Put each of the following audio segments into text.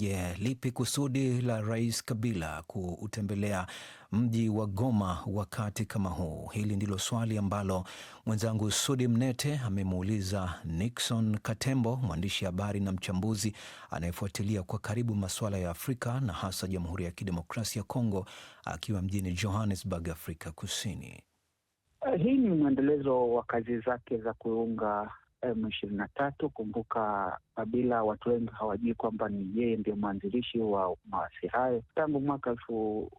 Je, lipi kusudi la Rais Kabila kuutembelea mji wa Goma wakati kama huu? Hili ndilo swali ambalo mwenzangu Sudi Mnete amemuuliza Nixon Katembo, mwandishi habari na mchambuzi anayefuatilia kwa karibu masuala ya Afrika na hasa Jamhuri ya Kidemokrasia ya Kongo, akiwa mjini Johannesburg, Afrika Kusini. Hii ni mwendelezo wa kazi zake za kuunga M ishirini na tatu. Kumbuka Kabila, watu wengi hawajui kwamba ni yeye ndio mwanzilishi wa maasi hayo tangu mwaka elfu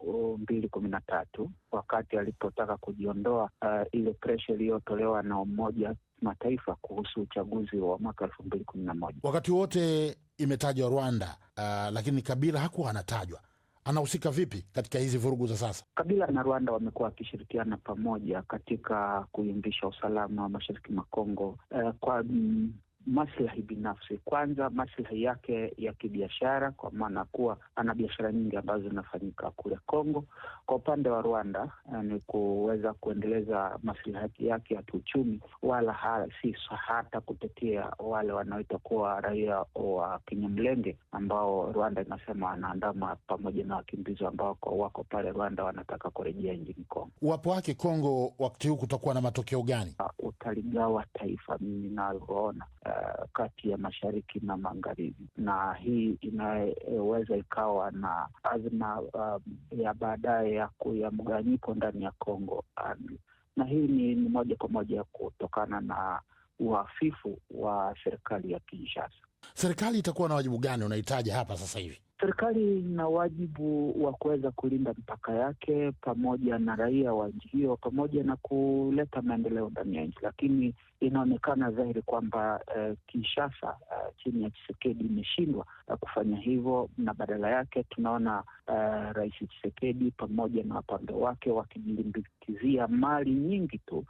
mbili kumi na tatu wakati alipotaka kujiondoa uh, ile presha iliyotolewa na Umoja Mataifa kuhusu uchaguzi wa mwaka elfu mbili kumi na moja. Wakati wote imetajwa Rwanda uh, lakini Kabila hakuwa anatajwa anahusika vipi katika hizi vurugu za sasa? Kabila na Rwanda wamekuwa wakishirikiana pamoja katika kuimbisha usalama wa mashariki mwa Kongo uh, kwa mm, maslahi binafsi kwanza, maslahi yake ya kibiashara, kwa maana kuwa ana biashara nyingi ambazo zinafanyika kule Kongo. Kwa upande wa Rwanda eh, ni kuweza kuendeleza maslahi yake ya kiuchumi, wala ha, si hata kutetea wale wanaoita kuwa raia wa kinyamlenge ambao Rwanda inasema wanaandama pamoja na wakimbizi ambao wako pale Rwanda wanataka kurejea nchini Kongo. Uwapo wake Kongo wakati huu kutakuwa na matokeo gani? Uh, utaligawa taifa, mimi naloona uh, kati ya mashariki na magharibi, na hii inaweza ikawa na azma um, ya baadaye ya, kuya mgawanyiko ndani ya Kongo um, na hii ni, ni moja kwa moja kutokana na uhafifu wa serikali ya Kinshasa. Serikali itakuwa na wajibu gani unahitaji hapa sasa hivi? Serikali ina wajibu wa kuweza kulinda mpaka yake pamoja na raia wa nchi hiyo pamoja na kuleta maendeleo ndani ya nchi, lakini inaonekana dhahiri kwamba uh, Kinshasa uh, chini ya Chisekedi imeshindwa uh, kufanya hivyo, na badala yake tunaona uh, Rais Chisekedi pamoja na wapande wake wakijilimbikizia mali nyingi tu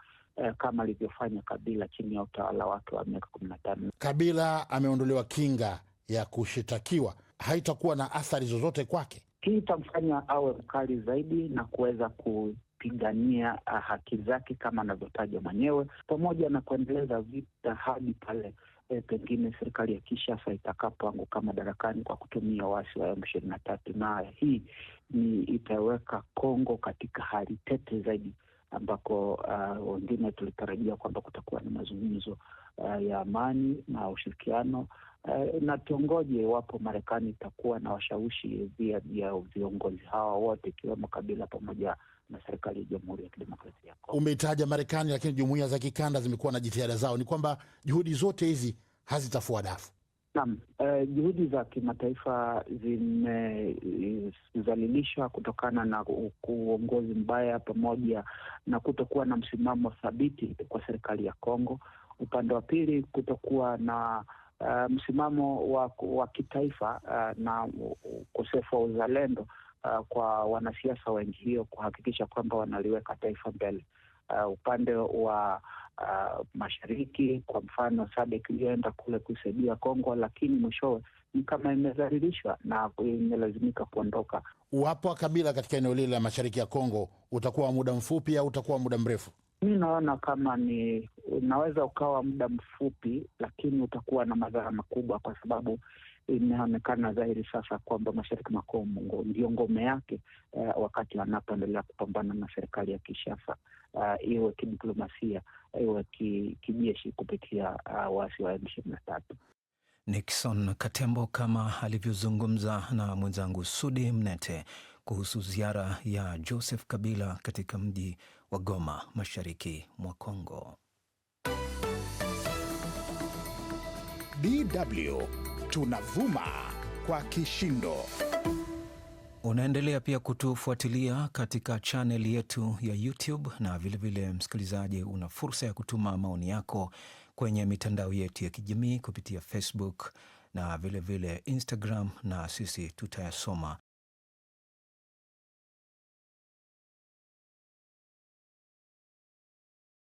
kama alivyofanya Kabila chini ya utawala wake wa miaka kumi na tano. Kabila ameondolewa kinga ya kushitakiwa haitakuwa na athari zozote kwake? Hii itamfanya awe mkali zaidi na kuweza kupigania ah, haki zake kama anavyotaja mwenyewe, pamoja na kuendeleza vita hadi pale E, pengine serikali ya kishasa itakapoanguka madarakani kwa kutumia waasi wa emu ishirini na tatu, na hii ni itaweka Kongo katika hali tete zaidi ambako uh, wengine tulitarajia kwamba kutakuwa na mazungumzo uh, ya amani na ushirikiano uh, na tuongoje iwapo Marekani itakuwa na washawishi vya viongozi hawa wote ikiwemo Kabila pamoja na serikali ya Jamhuri ya Kidemokrasia ya Kongo. Umeitaja Marekani, lakini jumuiya za kikanda zimekuwa na jitihada zao, ni kwamba juhudi zote hizi hazitafua dafu. Naam, uh, juhudi za kimataifa zimezalilisha kutokana na uongozi mbaya pamoja na kutokuwa na msimamo thabiti kwa serikali ya Kongo. Upande wa pili kutokuwa na uh, msimamo wa, wa kitaifa uh, na ukosefu wa uzalendo uh, kwa wanasiasa wa nchi hiyo kuhakikisha kwamba wanaliweka taifa mbele uh, upande wa uh, mashariki, kwa mfano sadek iliyoenda kule kusaidia Kongo, lakini mwishowe ni kama imedhalilishwa na imelazimika kuondoka. Uwapo wa Kabila katika eneo lile la mashariki ya Kongo utakuwa muda mfupi au utakuwa muda mrefu? Mi naona kama ni unaweza ukawa muda mfupi, lakini utakuwa na madhara makubwa, kwa sababu inaonekana dhahiri sasa kwamba mashariki ma Kongo ndio ngome yake, uh, wakati anapoendelea kupambana na serikali ya Kinshasa, uh, iwe kidiplomasia, iwe kijeshi kupitia uh, waasi wa m tatu Nixon Katembo kama alivyozungumza na mwenzangu Sudi Mnete kuhusu ziara ya Joseph Kabila katika mji wa Goma mashariki mwa Kongo. DW tunavuma kwa kishindo. Unaendelea pia kutufuatilia katika chaneli yetu ya YouTube na vilevile vile, msikilizaji, una fursa ya kutuma maoni yako kwenye mitandao yetu ya kijamii kupitia Facebook na vilevile vile Instagram, na sisi tutayasoma.